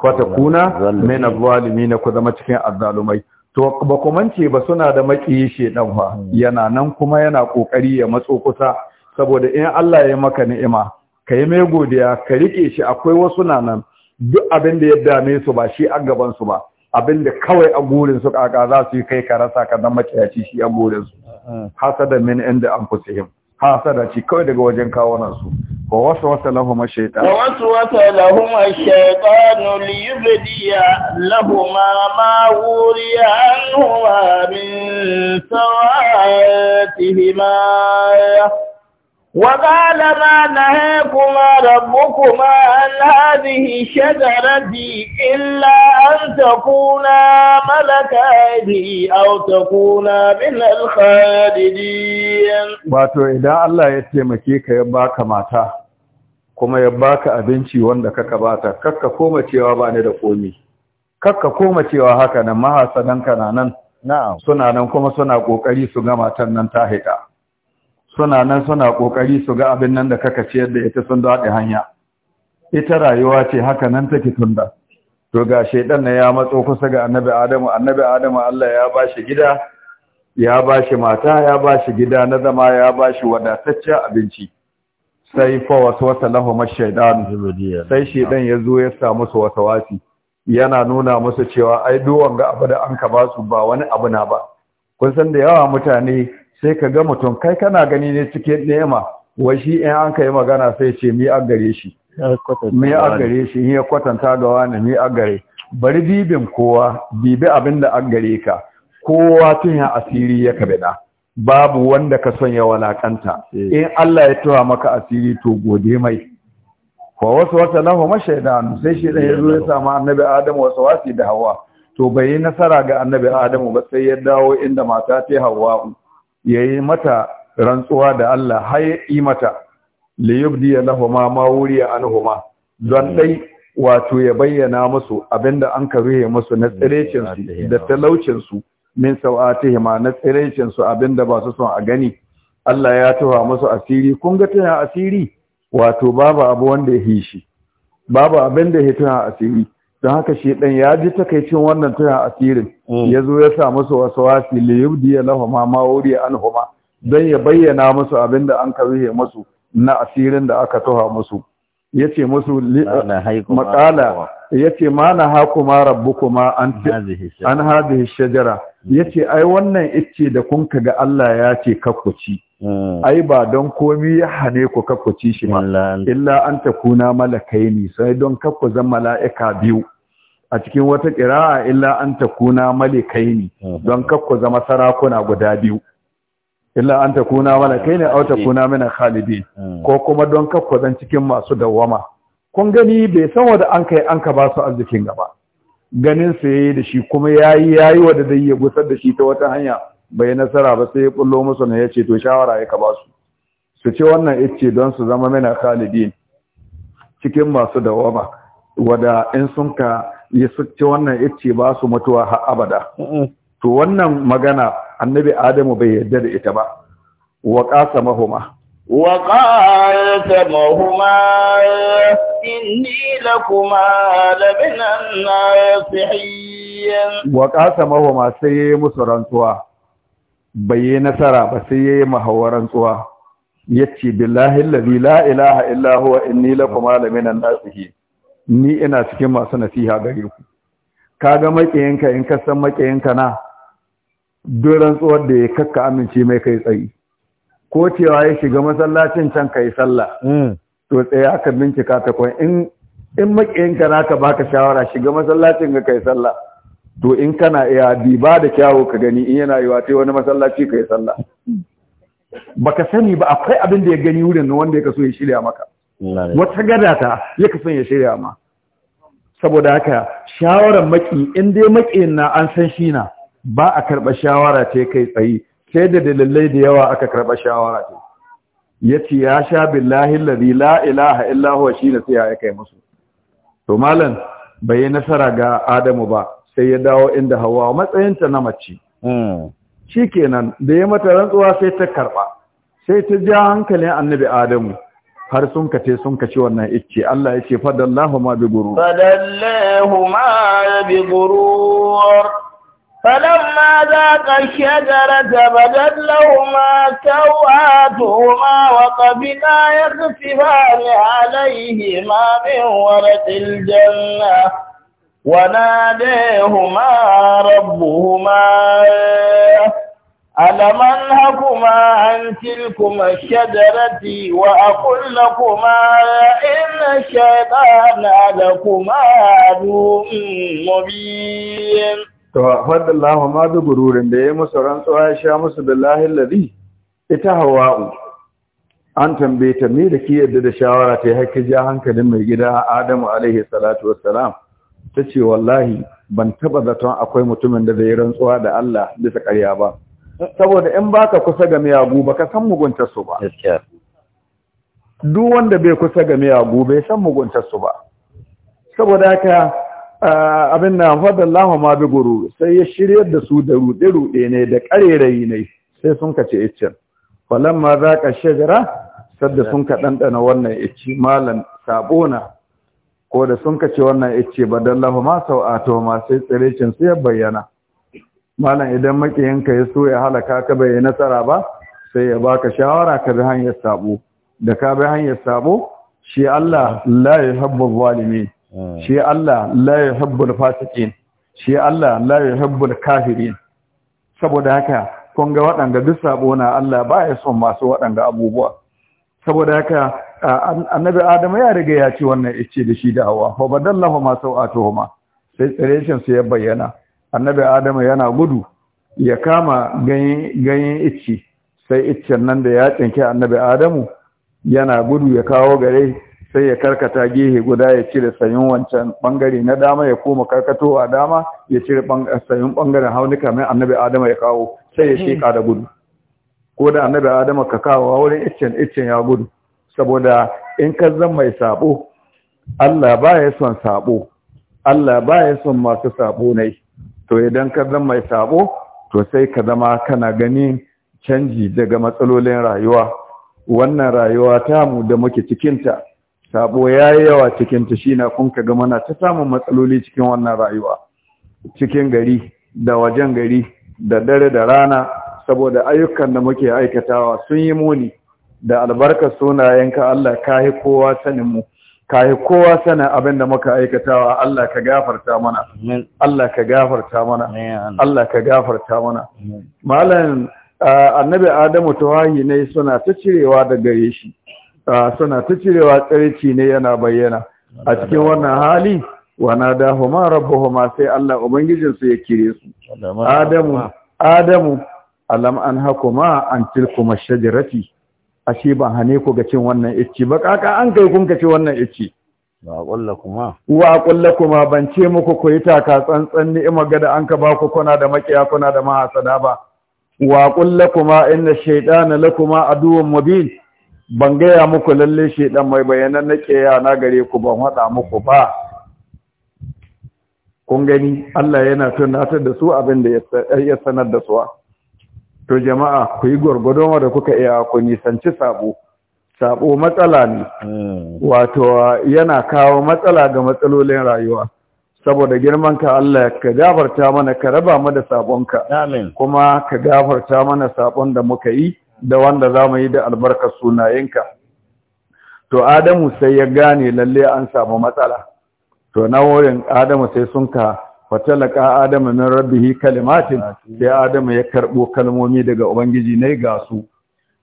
kwata kuna min na ku zama cikin azzalumai to ba ku mance ba suna da maƙiyi shaidan ba hmm. yana nan kuma yana ƙoƙari ya matso kusa saboda in Allah ya maka ni'ima ka yi mai godiya ka riƙe shi akwai wasu na nan duk abin da ya dame su ba shi a gaban su ba abin da kawai a gurin su ƙaƙa za su yi kai ka rasa ka zama kiyaci shi a gurin su uh-huh. hasada min inda an fusihim hasada ci kawai daga wajen kawo ووسوس لهما الشيطان ووسوس لهما الشيطان ليبدي لهما ما وري عنهما من سواتهما وقال ما نهيكما ربكما عن هذه الشجرة إلا أن تكونا ملكين أو تكونا من الخالدين wato idan Allah ya taimake ka ya baka mata kuma ya baka abinci wanda kaka bata kakka koma cewa ba ni da komi kakka koma cewa haka nan mahasadan kana nan na'am suna nan kuma suna ƙoƙari su ga matan nan ta haika suna nan suna kokari su ga abin nan da kaka ciyar da ita sun daɗe hanya ita rayuwa ce haka nan take tunda to ga shaidan ya matso kusa ga annabi adamu annabi adamu Allah ya ba shi gida ya ba shi mata ya ba shi gida na zama ya ba shi wadataccen abinci sai fa waswasa lahum ash sai shaidan ya zo ya sa musu wasawasi yana nuna musu cewa ai duwan ga abu da an ka ba su ba wani abu na ba kun san da yawa mutane sai ka ga mutum kai kana gani ne cikin nema. wai shi in an kai magana sai ce mi a gare shi mi a gare shi ya kwatanta ga wani mi a gare bari bibin kowa bibi abin da a gare ka kowa tun ya asiri ya kabeda babu wanda ka son ya walakanta eh. in Allah ya tuwa maka asiri to gode mai wa wasu wata lahu mashaidanu sai shi da ya zo ya samu annabi Adamu wasu wasi da hawa to bai yi nasara ga annabi Adamu ba sai ya dawo inda mata ta Hawwa'u ya yi mata rantsuwa da Allah har yi mata li yubdi lahuma ma wuriya anhuma don ɗai, hmm. wato ya bayyana musu abinda an karuye musu na hmm. tsirecin su hmm. da talaucin su min ma na tsirecin abinda ba su son a gani Allah ya tuha musu asiri kun ga tana asiri wato babu abu wanda ya hishi babu abinda da ya tuna asiri don haka shi ɗan ya ji takaicin wannan tuna asirin hmm. ya zo ya sa musu wasu wasi liyubdi ya lahuma ma wuri an homa don ya bayyana musu abin da an karuhe musu na asirin da aka tuha musu ya ce musu maƙala ya ce ma na rabbu kuma an hazihi shajara mm. ya ce ai wannan icce da kun ga Allah ya ce kakkuci mm. ai ba don komi ya hane ku kakkuci shi ma illa an ta kuna malakai ne sai don kakku zan mala'ika biyu a cikin wata ƙira'a illa an ta kuna malakai ne mm-hmm. don kakku zama sarakuna guda biyu illa an ta kuna mana kai ne auta eh. kuna mana khalidi hmm. ko kuma don kakkwadan cikin masu dawama kun gani bai san wanda an kai an ka ba su arzikin gaba ganin sa yayi da shi kuma yayi yayi wanda zai ya gusar da shi ta wata hanya bai nasara ba sai ya kullo musu ne yace to shawara ya ka ba su su ce wannan yace don su zama mana khalidi cikin masu dawama wada in sun ka ya wannan yace ba su mutuwa har abada to wannan magana annabi adamu bai yarda da ita ba wa mahuma. wa mahuma inni lakuma labinan wa sai yayi musu rantsuwa bai yi nasara ba sai yayi mahawaran tsuwa yace billahi allazi la ilaha illa huwa inni lakuma labinan nasihiyan ni ina cikin masu nasiha gare ku ga makiyanka in ka san makiyanka na duk rantsuwar da ya kakka amince mai kai tsayi ko cewa ya shiga masallacin can ka yi sallah hmm. to tsaye aka bincika ta kwan in in ka naka baka shawara shiga masallacin ka kai sallah to in kana iya diba da kyawo ka gani in yana yiwa ta wani masallaci kai sallah baka sani ba akwai abin da ya gani wurin na wanda ya kaso ya shirya maka wata gada ta ya kaso ya shirya ma saboda haka shawarar maki in dai makiyin na an san shi na ba a karɓa shawara ce kai tsaye sai da dalilai da yawa aka karɓa shawara ce ya ce ya sha billahi lalzi la ilaha illahu shi na sai ya kai musu to malam bai yi nasara ga adamu ba sai ya dawo inda hawa matsayinta na mace hmm. shi kenan da ya mata rantsuwa sai ta karɓa sai ta ja hankalin annabi adamu har sun kace sun kace wannan icce Allah ya ce fadallahu ma bi gurur fadallahu ma bi gurur فلما ذاق الشجرة بدت لهما سوآتهما وقبلا يقصفان عليهما من ورق الجنة وناديهما ربهما ألم أنهكما عن تلكما الشجرة وأقول لكما إن الشيطان لكما عدو مبين to faddallahu ma bi gururin da ya yi musu rantsuwa ya sha musu da lahin lari ita hawa'u an tambaye ta me da ki yadda da shawara ta haƙƙi ja hankalin mai gida Adamu alaihi salatu wassalam ce wallahi ban taɓa zaton akwai mutumin da zai rantsuwa da Allah bisa ƙarya ba saboda in baka kusa ga miyagu baka san muguntar su ba duk wanda bai kusa ga miyagu bai san muguntar su ba saboda haka abin na fadar ma bi guru sai ya shiryar da su da ruɗe-ruɗe ne da ƙarerayi ne sai sun kace iccen ma za ka shajara sadda sun ka ɗanɗana wannan icci malam sabona ko da sun kace wannan icce ba don ma sau a ma sai tsirecin su ya bayyana malam idan maƙiyinka ya so ya halaka ka bai yi nasara ba sai ya baka shawara ka bi hanyar sabo da ka bi hanyar sabo shi Allah la yuhibbu zalimin shi Allah la yuhibbul fasiqin shi Allah la yuhibbul kafirin saboda haka kun ga waɗanda duk sabo na Allah ba son masu waɗanda abubuwa saboda haka annabi Adam ya riga ya ce wannan ice da shi da hawa. fa badallahu ma sawatuhuma sai tsareshin su ya bayyana annabi Adam yana gudu ya kama ganyen ice sai iccen nan da ya tsinke annabi Adamu yana gudu ya kawo gare sai ya karkata gehe guda ya cire sayin wancan bangare na dama ya koma karkatowa dama ya cire sayin bangaren haunuka mai annabi adama ya kawo sai ya hmm. sheka da gudu ko da annabi adama ka kawo wurin iccen iccen ya gudu saboda in ka zan mai sabo Allah ba ya son sabo Allah ba ya son masu sabo nai. to idan ka zan mai sabo to sai ka zama kana ganin canji daga matsalolin rayuwa wannan rayuwa tamu da muke cikinta sabo yayi yawa cikin ta shi na kun ga mana ta samun matsaloli cikin wannan rayuwa cikin gari da wajen gari da dare da rana saboda ayyukan da muke aikatawa sun yi muni da albarkar sunayenka Allah kahi kowa sanin mu kowa sanin abin muka aikatawa Allah ka gafarta mana Allah ka gafarta mana Allah ka gafarta mana malam annabi Adamu tawahi ne suna ta cirewa da gare shi suna ta cirewa tsarki ne yana bayyana a cikin wannan hali wana da huma rabbuhuma sai Allah ubangijinsu ya kire su Adamu Adamu alam an hakuma an tilkuma shajarati ashe ban hane ku ga cin wannan icci ba kaka an kai kun ka ci wannan icci wa kuma wa kuma ban ce muku ku yi taka tsantsan ga gada an ka ba ku kuna da makiya kuna da mahasada ba wa kuma inna shaytana lakuma aduwwun mubin ban gaya muku lalle shi dan mai bayanan na keya na gare ku ban hada muku ba kun gani Allah yana tunatar da su abin da ya sanar da su to jama'a ku yi gwargwadon wanda kuka iya ku nisanci sabo sabo matsala ne hmm. wato yana kawo matsala ga matsalolin rayuwa saboda girman ka Allah ka gafarta mana ka raba mu da sabonka amin kuma ka gafarta mana sabon da muka yi da wanda za mu yi da albarkar sunayenka to adamu sai ya gane lalle an samu matsala to na wurin adamu sai sun ka laƙa adamu min rabbihi kalimatin sai adamu ya karɓo kalmomi daga ubangiji na ga su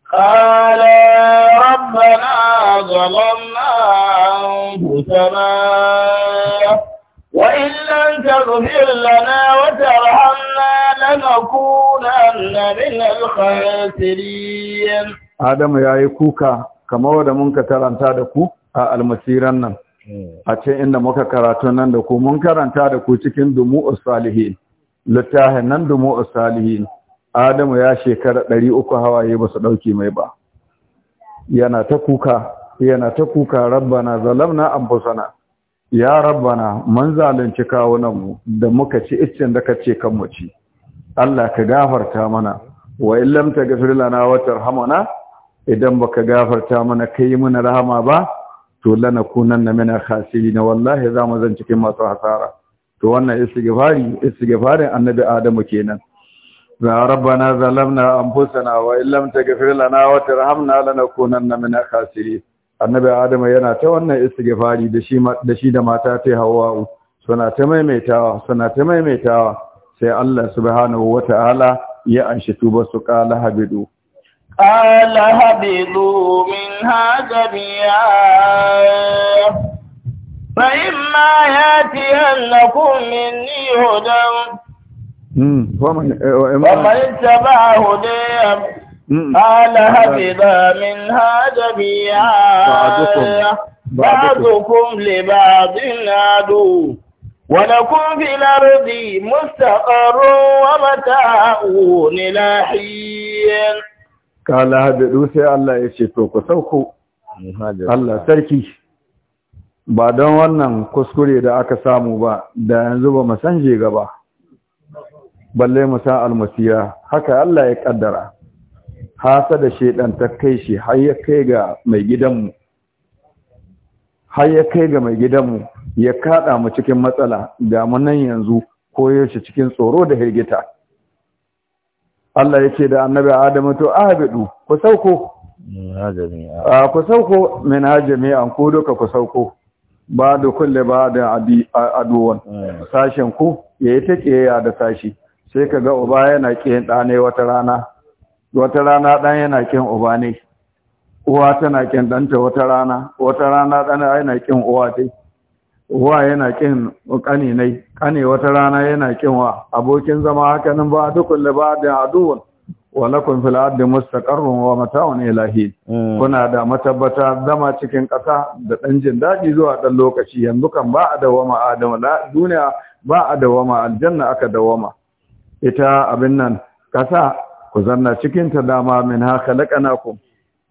qala rabbana zalamna anfusana وإن لم تغفر لنا وترحمنا لنكونن من الخاسرين Adamu ya yi kuka kamar da mun ka karanta da ku a almasiran nan, hmm. a ce inda muka karatu nan da ku mun karanta da ku cikin Dumu'u Salihin, littafin nan Dumu'u Salihin, Adamu ya shekara ɗari uku hawaye ba su ɗauki mai ba. Yana ta kuka, yana ta kuka rabbana zalamna anfusana ya rabbana mun zalunci kawunanmu da muka ci iccen da ka ce kan mu ci Allah ka gafarta mana wa illam taghfir lana wa tarhamna idan baka gafarta mana kai mana rahama ba to lana kunanna min khasirin wallahi za mu zan kin masu hasara to wannan istighfari istighfari annabi adamu kenan ya rabbana zalamna anfusana wa illam taghfir lana wa tarhamna na mina khasirin annabi adama yana ta wannan istighfari da shi da shi da mata ta hawa suna ta maimaitawa suna ta maimaitawa sai Allah subhanahu wata'ala ya anshi tuba su qala habidu qala habidu min hajamiya فإما يأتينكم مني هدى ومن اتبع هدي قال هبذا منها جميعا بعضكم لبعض عدو ولكم في الأرض مستقر ومتاؤون إلى قال هبذا سي الله يشتوك سوكو Allah sarki ba don wannan kuskure da aka samu ba da yanzu ba masanje gaba balle musa almasiya haka Allah ya kaddara da shedan ta kai shi har ya kai ga mai gidanmu har ya kai ga mai gidanmu ya kada mu cikin matsala ga mu nan yanzu koyo shi cikin tsoro da hirgita Allah yake da annabi Adamu to abidu ku sauko ah, ku sauko min hajami an ku duka ku sauko ba da kulle ba da aduwan hmm. sashen ku yayi ta ya da sashi sai kaga uba yana kiyin dane wata rana wata rana ɗan yana kin uba ne uwa tana kin ɗanta wata rana wata rana ɗan yana kin uwa dai uwa yana kin ƙani ne ƙani wata rana yana kin wa abokin zama haka nan ba dukkan da ba da aduwan wa lakum fil ardi mustaqarrun wa mata'un ilahi hmm. kuna da matabbata zama cikin ƙasa da ɗan jin daɗi zuwa ɗan lokaci yanzu kan ba a dawama adam duniya ba a dawama aljanna aka dawama ita abin nan ƙasa ku zanna cikin ta dama min haka laƙanakum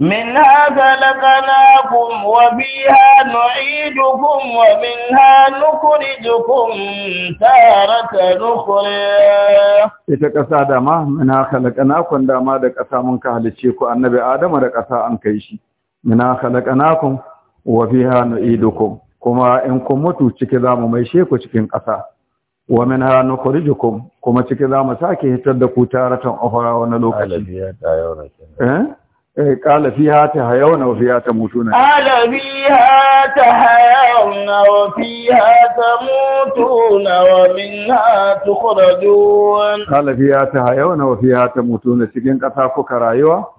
min haka laƙanakum wa biha nu'idukum wa minha nukhrijukum taratan ukhra ita ƙasa dama min haka laƙanakum dama da ƙasa mun ka halice ku annabi Adamu da ƙasa an kai shi min haka laƙanakum wa biha nu'idukum kuma in kun mutu ciki zamu maishe ku cikin ƙasa wa minha nukhrijukum kuma ciki za mu sake hitar da ku taratan ukhra wani lokaci eh qala fiha tahayawna wa fiha tamutuna qala fiha tahayawna wa fiha tamutuna wa minha tukhrajun qala fiha tahayawna wa fiha tamutuna cikin kasa kuka rayuwa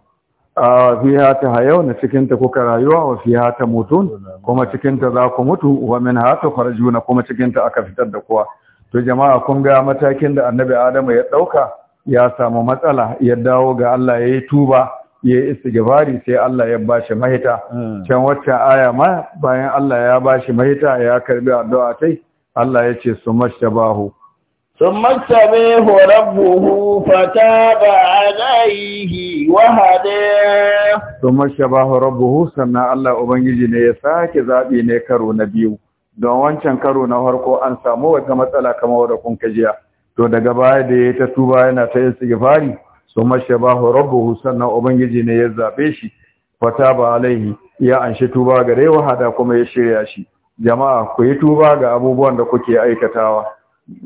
fiha tahayawna cikin ta kuka rayuwa wa fiha tamutun kuma cikin ta za ku mutu wa minha tukhrajuna kuma cikin ta aka fitar da kuwa to jama'a kun ga matakin da annabi adamu ya ɗauka ya samu matsala ya dawo ga Allah ya yi tuba ya yi istighfari sai Allah ya bashi mahita hmm. can wacce aya ma bayan Allah ya bashi mahita ya karbi addu'a tai Allah ya ce su mashtabahu ثم اجتبيه ربه فتاب عليه Sun mashta bahu ربه sannan Allah Ubangiji ne ya sake zaɓi ne karo na biyu don wancan karo na harko an samu wata matsala kamar wadda kun kajiya to daga baya da ya ta tuba yana ta ba hu rabu rabbuhu sannan ubangiji ne ya zabe shi fata ba alaihi ya anshi tuba ga rewa hada kuma ya shirya shi jama'a ku yi tuba ga abubuwan da kuke aikatawa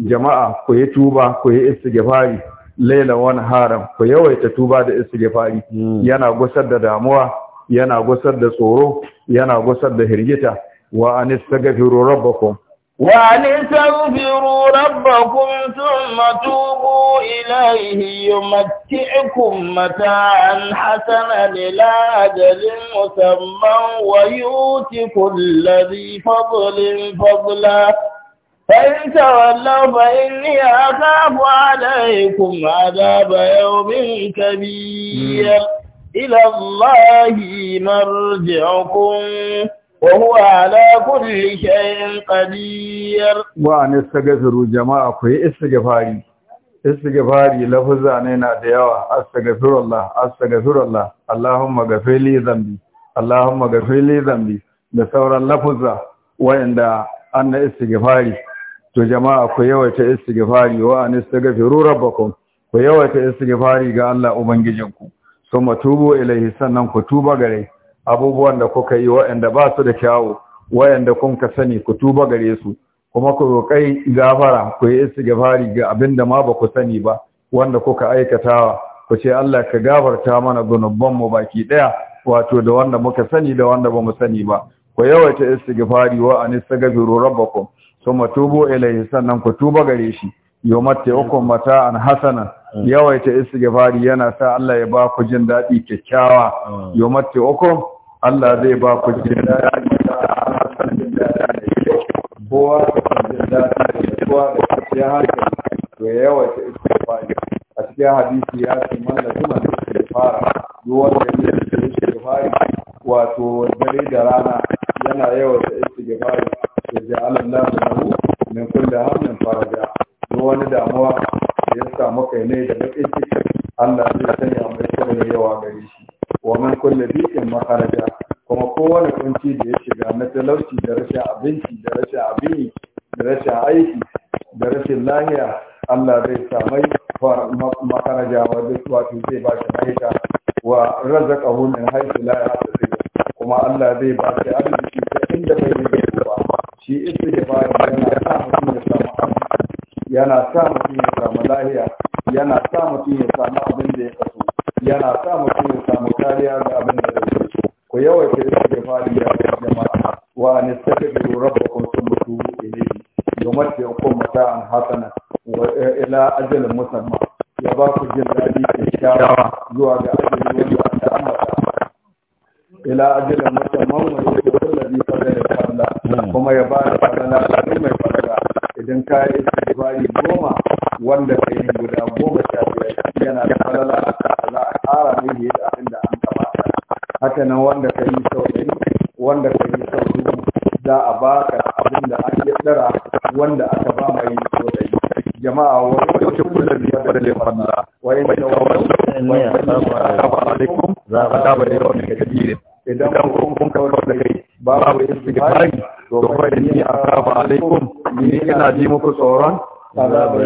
jama'a ku yi tuba ku yi istighfari laila wani haram ku yawaita tuba da istighfari hmm. yana gusar da damuwa yana gusar da tsoro yana gusar da hirgita wa an istaghfiru rabbakum وأن استغفروا ربكم ثم توبوا إليه يمتعكم متاعا حسنا إلى أجل مسمى ويؤت كل ذي فضل فضلا فإن تولوا فإني أخاف عليكم عذاب يوم كبير إلى الله مرجعكم وهو على كل شيء قدير وأن استغفروا جماعة في استغفاري استغفاري لفظ أننا ديوا استغفر الله استغفر الله اللهم غفر لي ذنبي اللهم غفر لي ذنبي da sauran lafuzza wayanda an na istighfari to jama'a ku yawaita istighfari wa an istaghfiru rabbakum ku yawaita istighfari ga Allah ubangijinku Kuma tubu ilaihi sannan ku tuba gare abubuwan da kuka yi waɗanda ba su da kyawu waɗanda kun ka sani ku tuba gare su kuma ku roƙai gafara ku yi gafari ga abin da ma ba ku sani ba wanda kuka aikatawa ku ce Allah ka gafarta mana gunubban mu baki ɗaya wato da wanda muka sani da wanda ba mu sani ba ku yawaita istighfari wa anistaghfiru rabbakum thumma tubu ilayhi sannan ku tuba gare shi yumatti'ukum mata'an hasana mm. yawaita istighfari yana sa Allah ya ba ku jin dadi kyakkyawa mm. yumatti'ukum Allah zai ba ku jin daɗi kowa da da cikin haka ce da da duk wanda ya da rana yana yawa ta istighfari to ja Allah lahu min duk wani damuwa ya samu kai ne da bakin ciki Allah zai sanya mai shirin yawa gari shi wa min kulli dhiqin makharaja kuma kowane kunci da ya shiga na talauci da rashin abinci da rashin abini da rashin aiki da rashin lahiya Allah zai samai makaraja wato zai ba shi mahita wa razaka hu min haythu la yahtasib kuma Allah zai ba shi arziki da inda bai yi ba shi istighfar yana sa mutum ya samu yana sa mutum ya samu lahiya yana sa mutum ya samu abin da ya kaso yana sa mutum ya ku yawaita istighfari ya jama'a wa nastaghfiru rabbakum thumma tubu ilayhi yumatti'ukum mata'an hasana wa ila ajalin musamma ya ba ku jin daɗi da kyakkyawa zuwa ga ajali wanda an da ila ajalin bari to fa a kafa alaikum ni ina ji muku tsoron azaba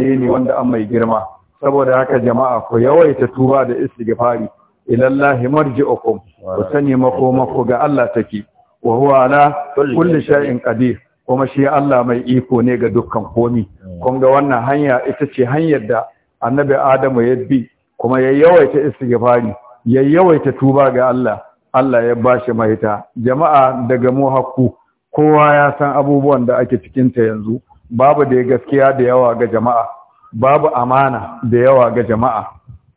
ne wanda an mai girma saboda haka jama'a ku yawaita tuba da istighfari ilallahi marji'ukum ku sani mako mako ga Allah take wa huwa ala kulli shay'in qadir kuma shi Allah mai iko ne ga dukkan komi kun ga wannan hanya ita ce hanyar da annabi Adamu ya bi kuma ya yawaita istighfari ya yawaita tuba ga Allah Allah ya ba shi mahita jama'a daga mu hakku kowa ya san abubuwan da ake cikin ta yanzu babu da gaskiya da yawa ga jama'a babu amana da yawa ga jama'a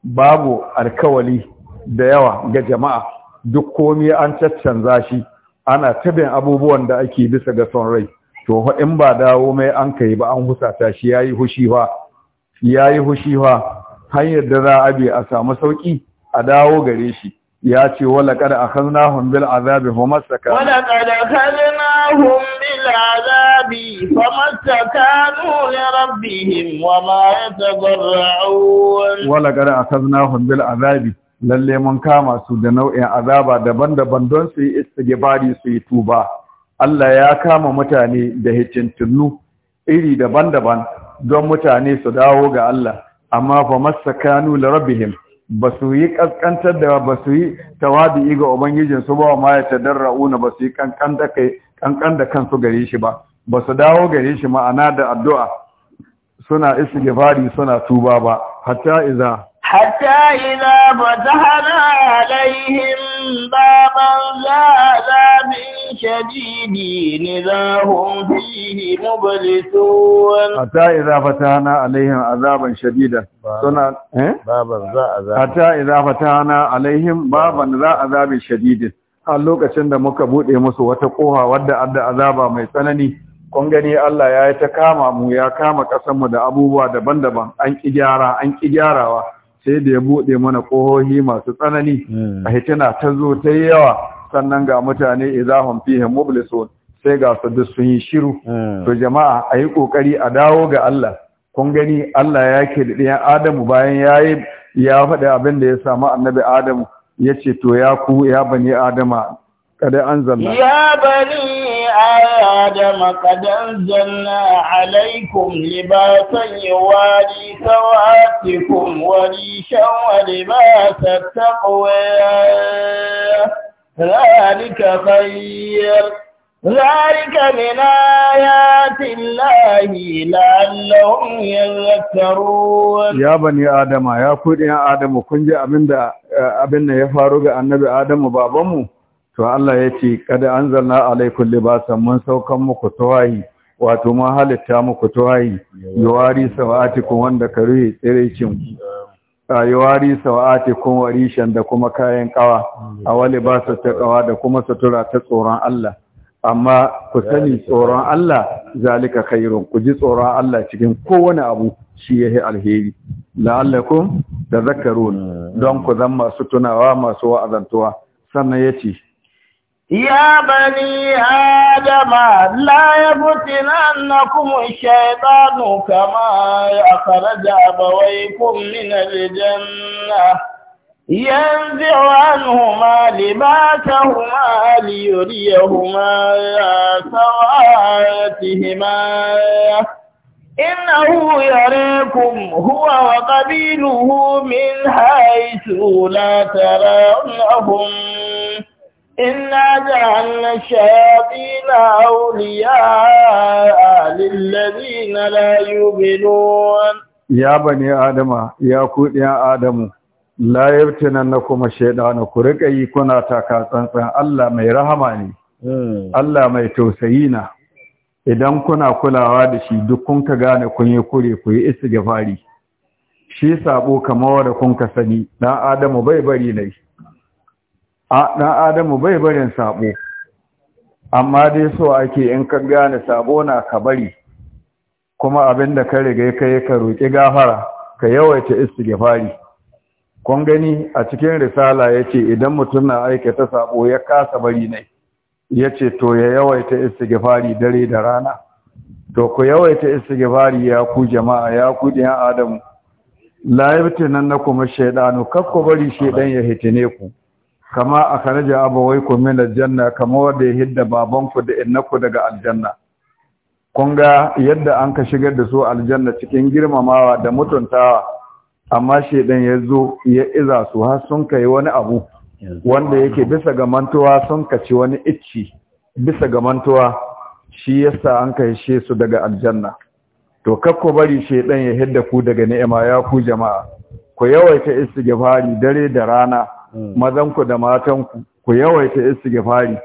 babu alkawali da yawa ga jama'a duk komai an caccanza shi ana tabin abubuwan da ake bisa ga son rai to in ba dawo mai an kai ba an husata shi yayi hushi fa yayi hushi fa hanyar da za a bi a samu sauki a dawo gare shi ya ce wala kada nahun bil azabi famastaka wala kada nahun bil azabi famastakanu li rabbihim wama yatadarrun wala kada nahun bil azabi lalle mun kama su da nau'in azaba daban-daban don su yi istighfari su yi tuba Allah ya kama mutane da hicintunnu iri daban-daban don mutane su dawo ga Allah amma famastakanu rabbi rabbihim ba su yi ƙasƙantar da ba su yi tawadi ga ubangijin su ba ma ya tadarrauna ba su yi ƙanƙan da kansu gare shi ba ba su dawo gare shi ma'ana da addu'a suna gifari suna tuba ba hatta iza حتى إذا فتحنا عليهم بابا ذا من شديد إذا هم فيه مبلسون حتى إذا فتحنا عليهم عذابا شديدا بابا ذا حتى إذا فتحنا عليهم بابا ذا عذاب شديد a lokacin da muka bude musu wata koha wadda adda azaba mai tsanani kun gani Allah ya yi ta kama mu ya kama kasanmu da abubuwa daban-daban an ki gyara an ki gyarawa sai da ya buɗe mana ƙohohi masu tsanani hmm. a hitina ta zo ta yi yawa sannan ga mutane izahun fihim mublisun sai ga su duk sun yi shiru hmm. to jama'a a yi ƙoƙari a dawo ga Allah kun gani Allah ya ke ɗiyan Adamu bayan ya yi ya faɗi abin da ya samu annabi Adamu ya ce to ya ku ya bani Adama kada anzalna ya bani adam qad anzalna alaykum libasan yuwari sawatikum wa rishan wa libasat taqwa zalika khayr zalika min ayati llahi la'allahum yadhakkarun ya bani adam ya kudin adam kun ji abin eh, ne ya faru ga annabi adam babanmu to Allah ya ce kada anzalna alaikun libasan mun saukan muku tawayi wato mun halitta muku tawayi yawari, sawatikum wanda ka ruhi a yawari, sawatikum warishan da kuma kayan kawa a wali ba ta kawa da kuma sutura ta tsoron Allah amma ku sani tsoron Allah zalika khairun ku ji tsoron Allah cikin kowane abu shi yahi alheri la'allakum tadhakkarun don ku zama masu tunawa masu wa'azantuwa sannan yace يا بني آدم لا يبتلنكم الشيطان كما أخرج أبويكم من الجنة ينزع عنهما لباسهما ليريهما سواتهما إنه يريكم هو وقبيله من حيث لا ترونهم إنا جعلنا الشياطين أولياء للذين لا يؤمنون يا بني آدم يا كود يا آدم لا يبتننكم الشيطان كرك أي كنا تاكا tsantsan Allah mai rahama ne hmm. Allah mai tausayi na idan kuna kulawa da shi duk kun gane kun kure ku yi fari. shi saɓo kamar wanda kun sani dan Adamu bai bari ne a ɗan adamu bai barin sabo amma dai so ake in ka gane saɓo na ka bari kuma abin da ka riga ka yi ka roƙi gafara ka yawaita istighfari kun gani a cikin risala yace idan mutum na aikata saɓo ya kasa bari ne yace to ya yawaita istighfari dare da rana to ku yawaita istighfari ya ku jama'a ya ku ɗan adamu la na ash-shaytanu kaf ku bari shaydan ya hitine ku kama a kanaja wai ku min aljanna kama wanda ya hidda babanku da innaku daga aljanna kun ga yadda an ka shigar da su aljanna cikin girmamawa da mutuntawa amma shedan ya zo ya iza su har sun kai wani abu wanda yake bisa ga mantuwa sun kaci wani icci bisa ga mantuwa shi yasa an ka she su daga aljanna to kakko bari shedan ya hidda ku daga ni'ima ya ku jama'a ku yawaita istighfari dare da rana Mm. mazanku da matanku ku yawaita istighfari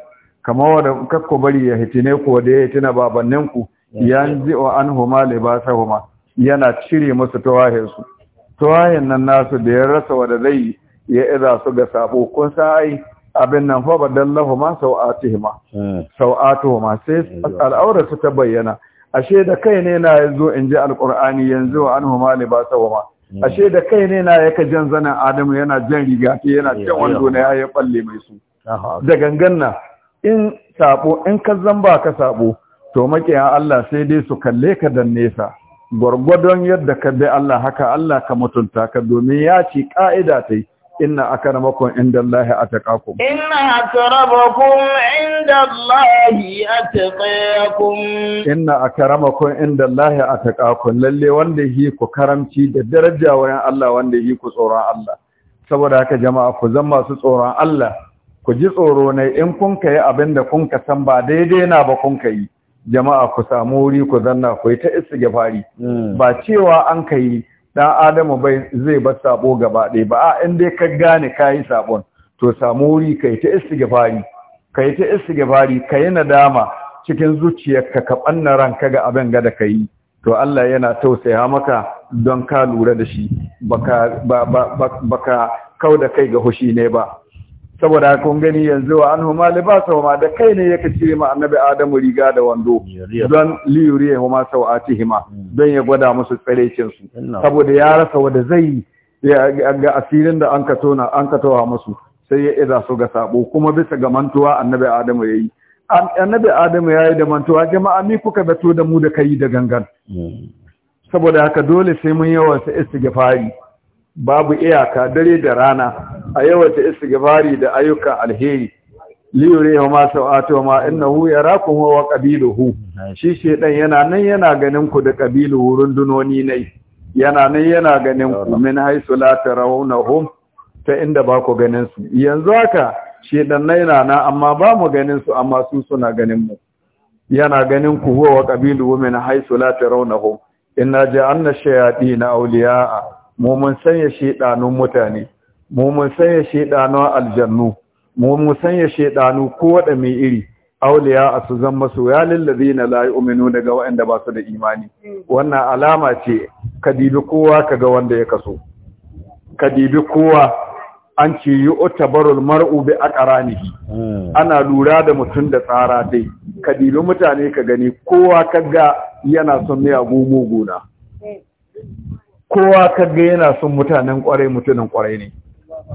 kamar wanda kakku bari ya hitine ku da ya hitina babanninku yanzu wa anhuma huma yana cire musu tawahin su tawahin nan nasu da ya rasa wanda zai ya iza su ga sabo kun san ai abin nan fa ma sau'atuhuma mm. sau'atuhuma sai al'aura su ta bayyana ashe da kai ne na yanzu in ji alqur'ani yanzu wa anhuma huma Mm. ashe da kai ne na yaka jan zanen adamu yana jan riga ke yana jan wando na ya balle mai su da ganganna in sabo in ka zamba ka sabo to makiya Allah sai dai su kalle ka dan nesa gwargwadon yadda ka bi Allah haka Allah ka mutunta ka domin ya ci ka'ida ta inna akramakum indallahi atqakum inna akramakum indallahi atqakum inna akramakum indallahi atqakum lalle wanda yi ku karamci da daraja wayan Allah wanda yi ku tsoron Allah saboda haka jama'a ku zama su tsoron Allah ku ji tsoro ne in kun kai da kun ka san ba daidai na ba kun kai jama'a ku samu wuri ku zanna ku yi ta istighfari hmm. ba cewa an kai dan adamu bai zai bar sabo gaba ɗaya ba a in dai ka gane kayi sabon to samu wuri kai ta istighfari kai ta istighfari kai nadama cikin zuciyarka ka banna ranka ga abin ga da kai to Allah yana tausaya maka don ka lura da shi baka baka kauda kai ga hushi ne ba saboda kun gani yanzu wa an huma libasa huma da kai ne yake cire ma annabi adamu riga da wando don liyuriya huma sawatihima hmm. don ya gwada musu tsarecin su saboda ya rasa wanda zai ga asirin da an katona an wa musu sai ya iza su ga sabo kuma bisa ga mantuwa annabi adamu yayi annabi adamu yayi da mantuwa jama'a ni kuka bato da mu da kai da gangan hmm. saboda haka dole sai mun yawa sa istighfari babu iyaka dare da rana a yawata istighfari da ayyukan alheri liyure huma sau'atu ma innahu yarakum wa qabiluhu shi shedan yana nan yana ganin ku da wurin rundunoni ne yana nan yana ganin ku min haisu la tarawnahum ta inda ba ku ganin su yanzu haka shedan nan yana nan amma ba mu ganin su amma su suna ganin mu yana ganin ku huwa wa qabilu min haisu la tarawnahum inna ja'alna shayatin awliya'a mu mun sanya shedanun mutane mu mun sanya shedanun aljannu mu mun sanya shedanu ko wada mai iri auliya a su zan masu ya lillazina la yu'minu daga waɗanda ba su da imani wannan alama ce ka dibi kowa kaga wanda ya kaso ka dibi kowa an ce yi utabarul mar'u bi aqranihi hmm. ana lura da mutum da tsara dai ka dibi mutane ka gani kowa ka ga yana son ne abu muguna hmm. kowa kaga yana son mutanen kwarai mutunan kwarai ne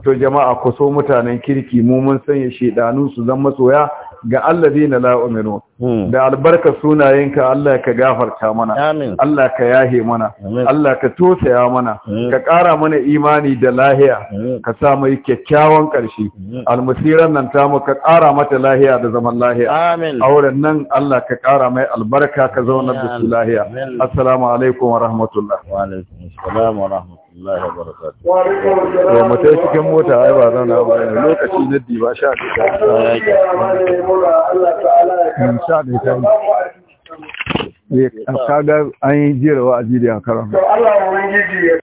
to jama'a ku so mutanen kirki mu mun sanya shedanu su zama soya ga alladina la uminu hmm. da albarka sunayenka Allah ka gafarta mana Allah ka yahe mana Allah ka tosaya mana ka ƙara mana imani da lahiya ka sa mai kyakkyawan ƙarshe almusiran nan ta ka ƙara mata lahiya da zaman lahiya auren nan Allah ka ƙara mai albarka ka zauna da su lahiya assalamu alaikum wa rahmatullah wa alaikum assalam wa rahmatullah rahmatullahi wa barakatuh to mutai cikin mota ai ba zauna ba ne lokaci na diba sha da ta ya hmm, sha da ta ya eh, kaga an yi jira wa'azi da a to Allah ya